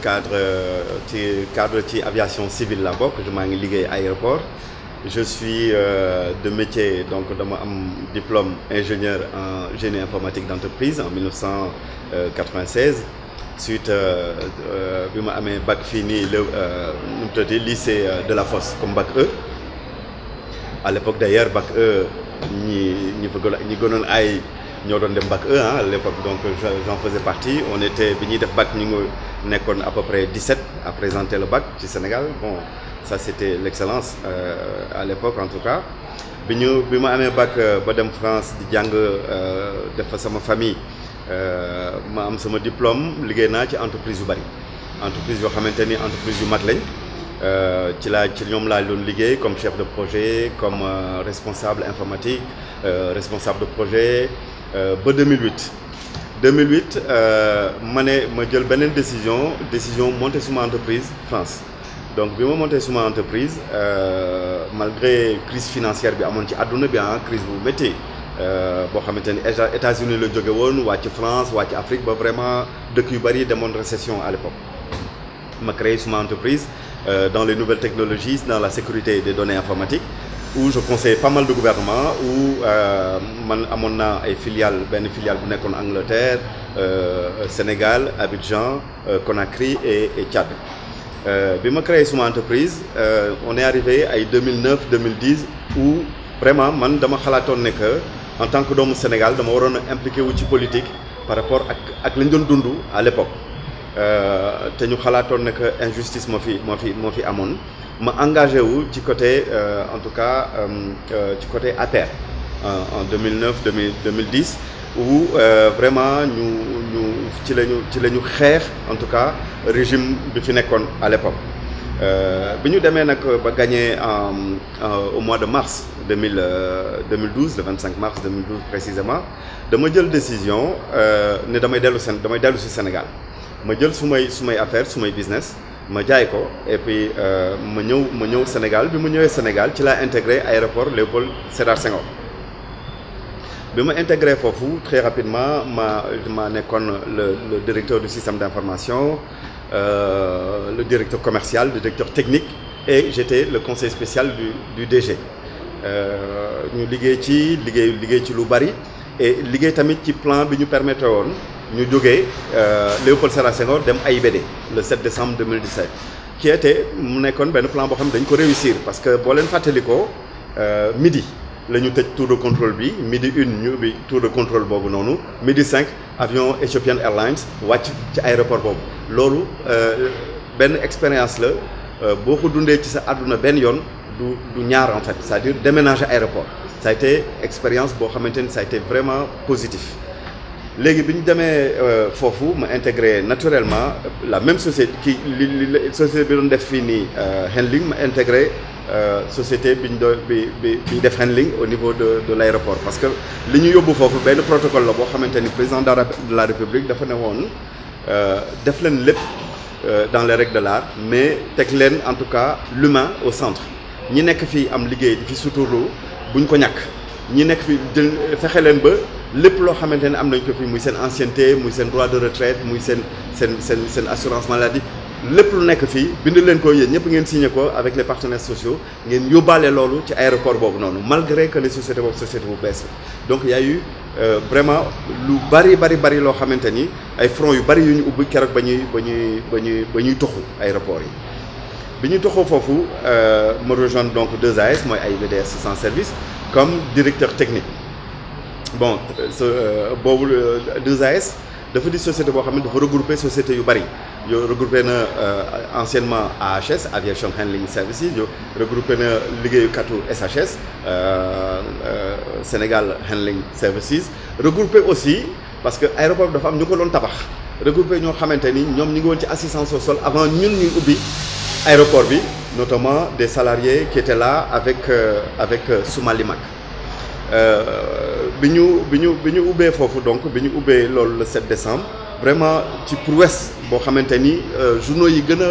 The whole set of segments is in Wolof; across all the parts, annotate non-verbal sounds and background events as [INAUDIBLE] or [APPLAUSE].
cadre cadre de aviation civile la que je ngi à l'aéroport je suis euh, de métier donc de mon diplôme ingénieur en génie informatique d'entreprise en 1996 suite j'ai euh, euh, ma bac fini le lycée de la force comme bac E à l'époque d'ailleurs bac E ni ni nous avons dem bac E à l'époque donc j'en faisais partie on était bi bac à peu près 17 à présenter le bac du Sénégal bon ça c'était l'excellence euh, à l'époque en tout cas bi ñu eu un mes bac euh, ba France di de euh, def fa famille ma am sama diplôme liggéey naa ci entreprise yu entreprise yoo xamante ni entreprise du mag Tu ci tu ci ñoom l'a doon comme chef de projet comme responsable informatique responsable de projet euh, ba 2008 2008 euh mané ma jël benen décision décision monter sur ma entreprise France donc suis monté sur ma entreprise euh, malgré crise financière bi amone ci àdduna bi en ah, crise bu métti euh, bo xamante États-Unis le jóge won wàcc France wàcc Afrique ba vraiment dëkk yu de demoon récession à l'époque ma créé sur ma entreprise dans les nouvelles technologies dans la sécurité des données informatiques où je conseille pas mal de gouvernements où euh, man mon filiales ben filiale Angleterre euh, Sénégal Abidjan euh, Conakry et Tchad Je j'ai créé mon entreprise on est arrivé à 2009 2010 où vraiment man que en tant que au Sénégal dama me impliqué wu politique par rapport à à l'époque euh, te ñu que injustice moo fi fi ma engagé wu ci côté euh, en tout cas euh, ci côté terre en 2009 2010 où vraiment nous, ñu ci la en tout cas régime de fi à l'époque nous avons gagné au mois de mars 2012 le 25 mars 2012 précisément de jël décision né damay au Sénégal ma jël sumay sumay affaire sumay business ma jaay ko et puis euh, ma ñëw ma ñëw Sénégal bi ma au Sénégal ci laa intégré aéroport Léopold Sédar Senghor bi ma intégré foofu très rapidement ma ma nekkoon le le directeur du système d'information euh, le directeur commercial le directeur technique et j'étais le conseil spécial du du DG euh, ñu liggéey ci liggéey liggéey ci lu bari et liggéey tamit ci plan bi ñu permettre woon ñu euh, Léopold Sédar le 7 décembre 2017 qui était plan parce que de contrôle. Euh, midi tour de contrôle bi midi 1 ñu tour de contrôle midi 5 avion Ethiopian Airlines ci aéroport euh, expérience la tour euh, ci sa du du en fait c'est-à-dire déménager aéroport ça a expérience bo a vraiment positif les bi ñu demee euh, foofu ma intégré naturellement la même société qui la société qui a def handling euh, ma intégré euh, société qui a bi handling au niveau de de l'aéroport. parce que li ñu yóbbu fait le protocole la boo xamante président de la république dafa ne euh, def dans les règles de l'art mais teg leen en tout cas l'humain au centre ñi nekk fii am liggéey di fi suturlu buñ ko ñàkk ñi nekk fi jël ba lepp lo xamante am nañ ko fi muy sen ancienneté muy sen droit de retraite muy sen sen sen, sen assurance maladie lepp lu nek fi bind leen ko yeen ñep ngeen signé ko avec les partenaires sociaux ngeen yobale lolu ci aéroport bobu noonu malgré que les sociétés boobu société bu bees donc y a eu euh, vraiment lu bari bari bari lo xamanteni ay front yu bari yu ñu ubbi kérok bañuy bañuy bañuy bañuy toxu aéroport yi. bi ñu fofu euh me rejoindre donc 2AS moy ay VDS sans service comme directeur technique bon euh, bon 2AS euh, dafa di société bo xamné dafa regrouper société yu bari yo regroupé na euh, anciennement AHS aviation handling services yo regroupé na 4 SHS Sénégal handling services regroupé aussi parce que aéroport de dafa am ñu ko tabax regroupé ño xamanteni ñom ñi ngi assistance au sol avant ñun ñuy ubi aéroport bi notamment des salariés qui étaient là avec Souma avec biñu biñu biñu ubé fofu donc biñu ubé ubbee le 7 décembre vraiment ci prouesse bo xamanteni ni euh, journaux yi gëna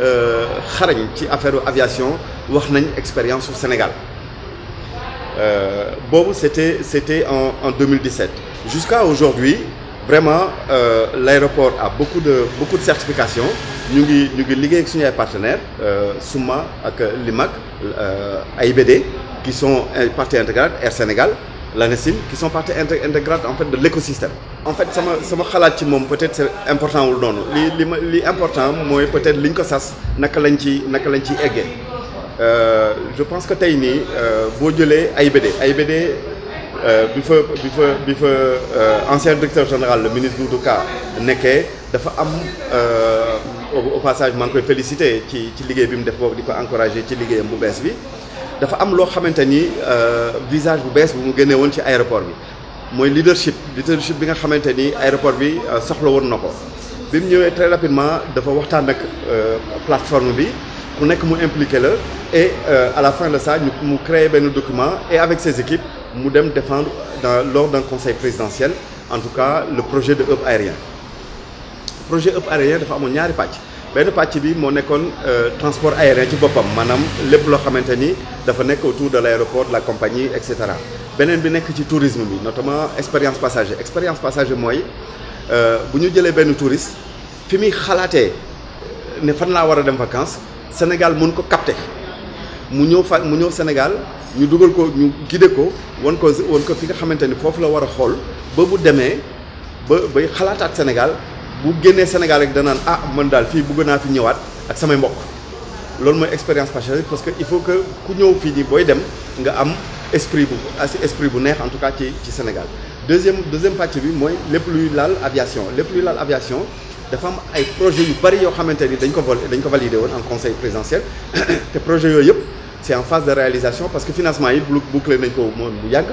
euh xarañ ci affaire aviation wax nañ expérience au Sénégal euh bobu c'était c'était en en 2017 jusqu'à aujourd'hui vraiment euh, l'aéroport a beaucoup de beaucoup de certifications ñu ngi ñu ngi liggéey ak suñu ay partenaires euh, SUMA ak l'IMAC euh, AIBD qui sont partie intégrante Air Sénégal la résine qui sont partie intégrante en fait de l'écosystème. en fait sama sama xalaat ci moom peut-être c'est important wul noonu li li ma li important mooy peut-être liñ ko sas naka lañ ci naka lañ ciy eggee euh, je pense que tey nii euh, boo jëlee AIBD AIBD euh, bi fa bi fa bi fa ancien directeur général le ministre Doudou Ka nekkee dafa am au passage maa ngi koy féliciter ci ci liggéey bi mu def boobu di encourager ci liggéeyam bu bees bi dafa am loo xamante euh, visage bu bees bu mu génnee woon ci aéroport bi mooy leadership leadership bi nga xamante aéroport bi euh, soxla woon na ko très rapidement dafa waxtaan ak euh, plateforme bi ku nekk mu impliqué et à la fin de ça ñu mu créé benn document et avec ses équipes mu dem défendre dans lors d'un conseil présidentiel en tout cas le projet de hub aérien projet hub aérien dafa amoon ñaari pàcc ben pàcc bi moo nekkoon euh, transport aérien ci bopam manam lepp lo xamanteni dafa nek autour de l'aéroport la compagnie etc benen bi nek ci tourisme bi notamment expérience passager expérience passager moy euh buñu jëlé ben touriste fi muy xalaatee euh, ne fan la wara dem vacances Sénégal mën ko capter mu ñëw fa mu ñëw Sénégal ñu duggal ko ñu guider ko won ko won ko fi nga xamanteni fofu la wara xol ba bu démé ba bay xalaataat Sénégal bu génnee Sénégal rek danaan ah man daal fii bëgg naa fi ñëwaat ak samay mbokk loolu mooy expérience patriotique parce que il faut que ku ñëw fii nii booy dem nga am esprit bu esprit bu neex en tout cas ci Sénégal. deuxième deuxième partie, bi mooy lépp luy laal aviation lépp luy laal aviation dafa am ay projets yu bari yoo xamante ni dañ ko vol dañ ko validé woon en conseil présidentiel [COUGHS] te projet yooyu yëpp c'est en phase de réalisation parce que financement yi bouclé nañ ko moom bu yàgg.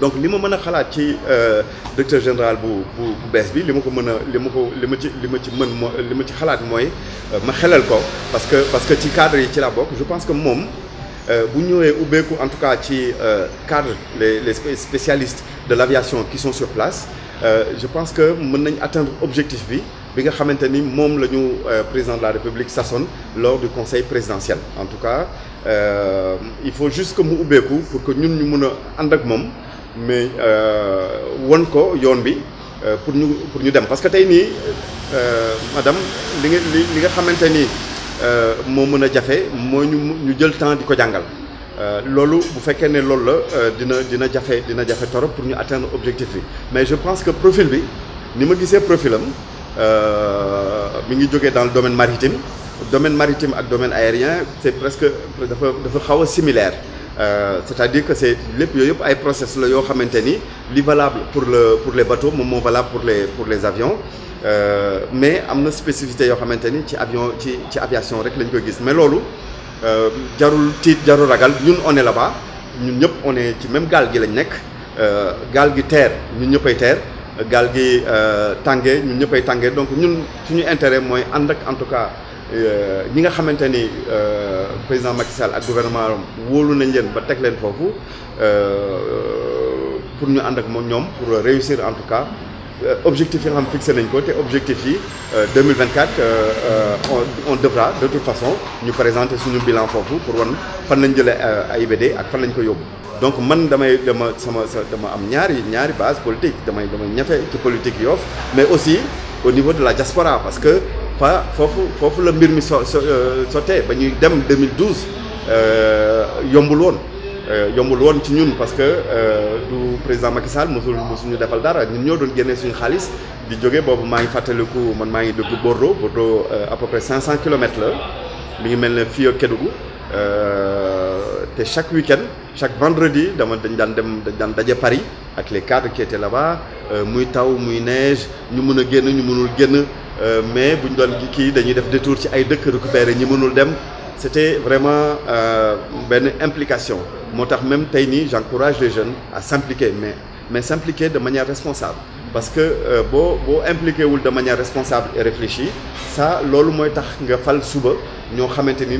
donc li ma dire, c'est que le directeur général bu bu bu je bi li ma ko je a li ko ci ci ma xelal ko parce que parce que ci cadre yi ci la bok je pense que moom euh, bu ñëwé ubbeeku en tout cas ci euh, cadre les les spécialistes de l'aviation qui sont sur place euh, je pense que mën nañ atteindre objectif bi bi nga nous mom lañu président de la République Sassone lors du conseil présidentiel en tout cas il faut juste que mu ubbeeku pour que ñun ñu ak mais euh, won ko yoon bi euh, pour ñu pour ñu dem parce que tay ni euh, madame li nga li nga xamanteni euh mo meuna jafé mo ñu ñu jël temps diko jangal euh lolu bu féké né je pense que profil bi ni ma gisé profilam euh mi ngi joggé dans le domaine maritime domaine maritime ak domaine aérien c'est presque similaire Euh, c'est-à-dire que c'est les yooyu yëpp ay process le yo xamante valable pour le pour les bateaux mais moo valable pour les pour les avions euh, mais am na spécificité yo xamanteni ci avion ci ci aviation rek lañ ko gis mais euh jarul ti jarul ragal ñun on est là-bas ñun ñep on est ci même gal gi lañ euh gal gi terre ñun ñëppay teer gaal gi euh, tàngee ñun ñepay tàngee donc ñun suñu intérêt moy ànd ak en tout cas. Nous euh, nga xamante le euh, président Macky Sall le gouvernement nañ pour pour réussir en tout cas euh, objectif fixé objectif 2024 on devra de toute façon nous présenter suñu bilan pour wan fan lañ jëlee AIBD ak fan lañ ko donc man damay dama sama base politique politique mais aussi au niveau de la diaspora parce que fofu foofu foofu la mbir mi so sottee euh, ba ñuy dem 2012 yombul euh yombul won euh, ci ñun parce que euh, du président Macky Sall mosul mosuñu defal dara ñun ñoo doon génnee suñu xaliss di joggé boobu ma ngi fàttaliku man ma ngi dëkk Bordeaux Bordeaux à peu près 500 kilomètres la mi ngi melni ne fii euh té chaque week-end chaque vendredi dama dañ dan dem dañ daan Paris ak les cadres qui étaient là-bas muy taw muy neige ñu mëna a génn ñu mënul génn. Euh, mais buñ doon ki dañuy def détour ci ay dëkk récupérer ñi mënul dem c'était vraiment vraiment euh, une implication motax même tey j'encourage les jeunes à s'impliquer mais mais s'impliquer de manière responsable parce que euh, bo bo impliqué wul de manière responsable et réfléchie ça lolu moy tax nga fal suba ño xamanteni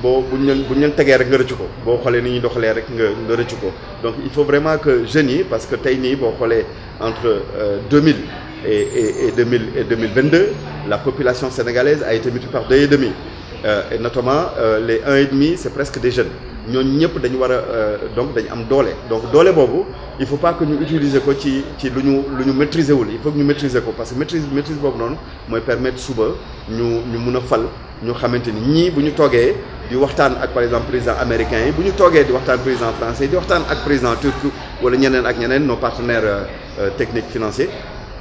bo buñ leen buñ leen tegee rek nga rëccu ko bo xolé ni rek nga nga ko donc il faut vraiment que je yi parce que Taini entre 2000 et, et, et, 2000, et 2022, la population sénégalaise a été multipliée par 2,5. Euh, et notamment, euh, les 1,5, c'est presque des jeunes. Nous, tous, nous devons euh, donc, am doole. Donc, doole bobu, il ne faut pas que nous utilisions ko ci ci luñu luñu maîtriser Il faut que nous maîtriser ko parce que maîtrise maîtrise bobu non moy permettre suba ñu ñu mëna fal ñu xamanteni ñi buñu togué di waxtaan ak par exemple président américain yi bu ñu toogee di waxtaan président français di waxtaan ak président turc wala ñeneen ak ñeneen nos partenaires euh, euh, techniques financiers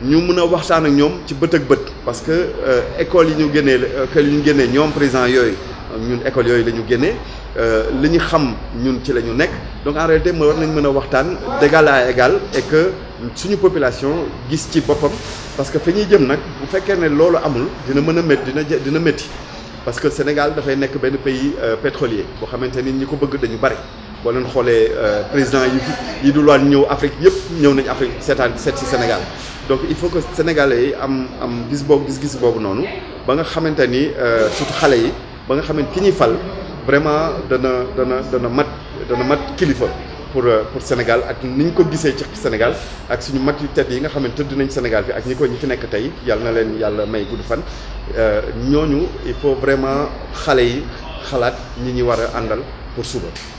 ñu mëna a waxtaan ak ñoom ci bët ak bët parce que euh, école yi ñu génnee que euh, ñu génnee ñom présent yoy euh, ñun école yoy lañu ñu lañu xam ñun ci lañu ñu nekk donc en réalité moo war nañ mën waxtaan d'égal à égal et que suñu population gis ci boppam parce que fi jëm nak bu fekké né loolu amul dina mëna met dina dina metti parce que Sénégal da fay nekk benn pays pétrolier bo xamante ñi ko bëgg dañu bari bo leen xolé président yi yi du loon ñew Afrique yépp ñew nañ Afrique seetaan sét ci Sénégal donc il faut que sénégalais am am gis boobu gis-gis boobu nonou ba nga xamante euh surtout xalé yi ba nga xamante ki ñi fal vraiment dana dana dana mat dana mat kilifa pour euh, pour Sénégal ak niñ ko gissé ci Sénégal ak suñu mag yu tedd yi nga xam ne tëdd nañ Sénégal fi ak ñi ko ñi fi nek tay yalla na leen yalla may gudd fan euh, ñoñu il faut vraiment xalé yi xalat ñi ñi wara andal pour suba.